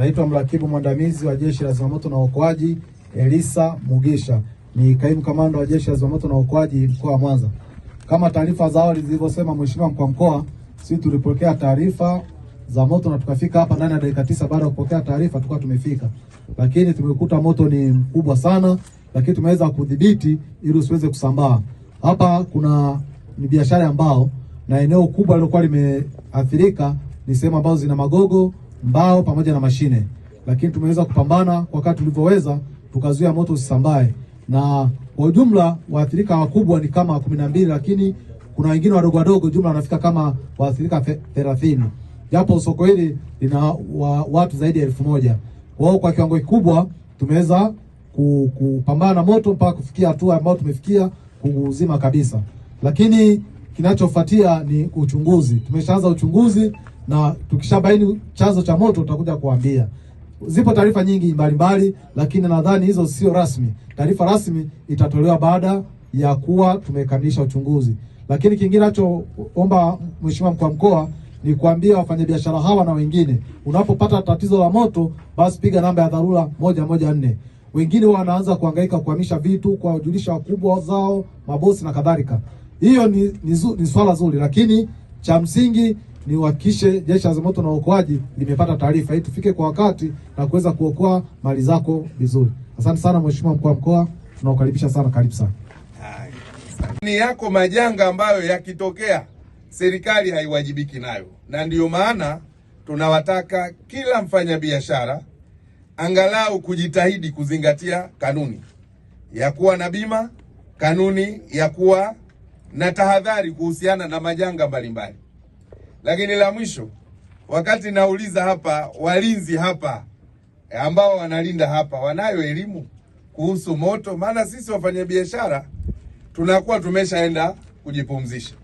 naitwa mrakibu mwandamizi wa Jeshi la Zimamoto na Uokoaji Elisa Mugisha, ni kaimu kamanda wa Jeshi la Zimamoto na Uokoaji mkoa wa Mwanza. Kama taarifa za awali zilivyosema, Mheshimiwa mkuu wa mkoa, sisi tulipokea taarifa za moto na tukafika hapa ndani ya dakika tisa baada ya kupokea taarifa tukawa tumefika, lakini tumekuta moto ni mkubwa sana, lakini tumeweza kudhibiti ili usiweze kusambaa. Hapa kuna ni biashara ya mbao na eneo kubwa lilokuwa limeathirika ni sehemu ambazo zina magogo mbao pamoja na mashine, lakini tumeweza kupambana kwa wakati tulivyoweza, tukazuia moto usisambae, na kwa ujumla waathirika wakubwa ni kama kumi na mbili, lakini kuna wengine wadogo wadogo, jumla wanafika kama waathirika thelathini, japo soko hili lina wa, watu zaidi ya elfu moja. Kwa hiyo kwa kiwango kikubwa tumeweza kupambana na moto mpaka kufikia hatua ambayo tumefikia kuuzima kabisa, lakini kinachofuatia ni uchunguzi. Tumeshaanza uchunguzi na tukishabaini chanzo cha moto tutakuja kuambia. Zipo taarifa nyingi mbalimbali, lakini nadhani hizo sio rasmi. Taarifa rasmi itatolewa baada ya kuwa tumekamilisha uchunguzi. Lakini kingine nachoomba Mheshimiwa mkuu wa mkoa ni kuambia wafanyabiashara hawa na wengine, unapopata tatizo la moto, basi piga namba ya dharura moja moja nne. Wengine wanaanza kuhangaika kuhamisha vitu, kuwajulisha wakubwa zao, mabosi na kadhalika. Hiyo ni, ni, ni swala zuri, lakini cha msingi niuhakikishe jeshi la zimamoto na uokoaji limepata taarifa ili tufike kwa wakati na kuweza kuokoa mali zako vizuri. Asante sana mheshimiwa mkuu wa mkoa, tunakukaribisha sana, karibu sana. Ni yako majanga ambayo yakitokea serikali haiwajibiki nayo, na ndiyo maana tunawataka kila mfanyabiashara angalau kujitahidi kuzingatia kanuni ya kuwa na bima, kanuni ya kuwa na tahadhari kuhusiana na majanga mbalimbali. Lakini la mwisho, wakati nauliza hapa, walinzi hapa eh, ambao wanalinda hapa wanayo elimu kuhusu moto? Maana sisi wafanyabiashara tunakuwa tumeshaenda kujipumzisha,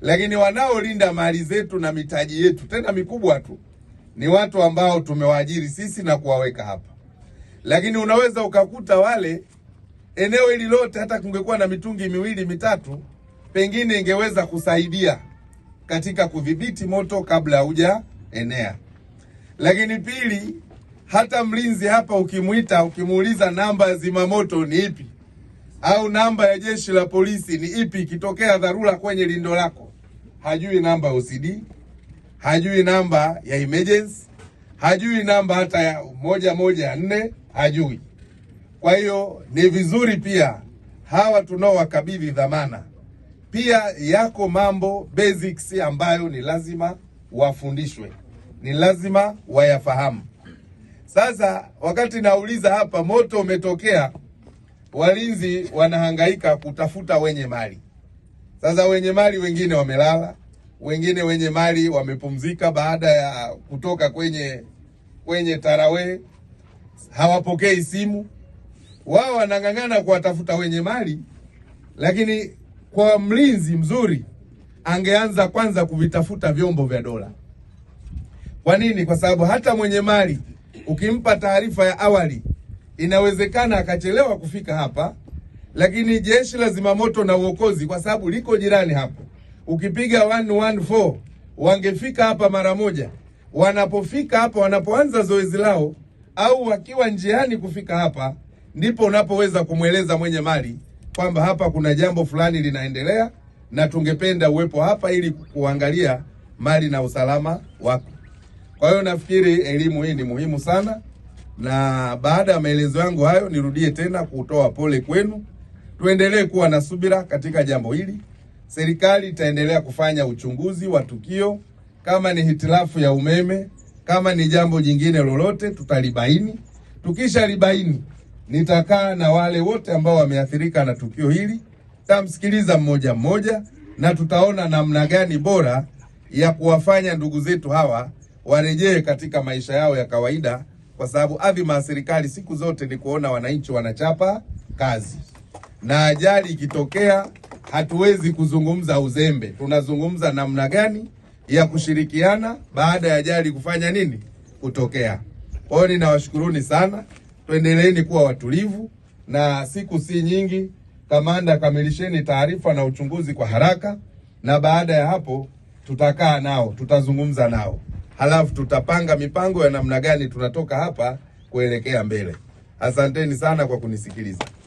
lakini wanaolinda mali zetu na mitaji yetu tena mikubwa tu ni watu ambao tumewaajiri sisi na kuwaweka hapa. Lakini unaweza ukakuta wale eneo hili lote, hata kungekuwa na mitungi miwili mitatu, pengine ingeweza kusaidia katika kudhibiti moto kabla enea Lakini pili, hata mlinzi hapa ukimwita, ukimuuliza namba ya zimamoto ni ipi au namba ya jeshi la polisi ni ipi, ikitokea dharura kwenye lindo lako, hajui namba ya OCD, hajui namba ya emergency, hajui namba hata ya moja moja nne, hajui. Kwa hiyo ni vizuri pia hawa tunaowakabidhi dhamana pia yako mambo basics ambayo ni lazima wafundishwe, ni lazima wayafahamu. Sasa wakati nauliza hapa, moto umetokea, walinzi wanahangaika kutafuta wenye mali. Sasa wenye mali wengine wamelala, wengine wenye mali wamepumzika baada ya kutoka kwenye kwenye tarawe, hawapokei simu. Wao wanang'ang'ana kuwatafuta wenye mali, lakini kwa mlinzi mzuri angeanza kwanza kuvitafuta vyombo vya dola. Kwa nini? Kwa sababu hata mwenye mali ukimpa taarifa ya awali, inawezekana akachelewa kufika hapa, lakini jeshi la zimamoto na uokozi, kwa sababu liko jirani hapo, ukipiga 114 wangefika hapa mara moja. Wanapofika hapa, wanapoanza zoezi lao au wakiwa njiani kufika hapa, ndipo unapoweza kumweleza mwenye mali kwamba hapa kuna jambo fulani linaendelea na tungependa uwepo hapa ili kuangalia mali na usalama wako. Kwa hiyo nafikiri elimu hii ni muhimu sana, na baada ya maelezo yangu hayo, nirudie tena kutoa pole kwenu. Tuendelee kuwa na subira katika jambo hili. Serikali itaendelea kufanya uchunguzi wa tukio. Kama ni hitilafu ya umeme, kama ni jambo jingine lolote, tutalibaini. tukisha libaini nitakaa na wale wote ambao wameathirika na tukio hili, tamsikiliza mmoja mmoja, na tutaona namna gani bora ya kuwafanya ndugu zetu hawa warejee katika maisha yao ya kawaida, kwa sababu adhima ya serikali siku zote ni kuona wananchi wanachapa kazi, na ajali ikitokea hatuwezi kuzungumza uzembe, tunazungumza namna gani ya kushirikiana baada ya ajali kufanya nini kutokea. Kwa hiyo ninawashukuruni sana. Tuendeleeni kuwa watulivu na siku si nyingi. Kamanda, kamilisheni taarifa na uchunguzi kwa haraka, na baada ya hapo tutakaa nao, tutazungumza nao, halafu tutapanga mipango ya namna gani tunatoka hapa kuelekea mbele. Asanteni sana kwa kunisikiliza.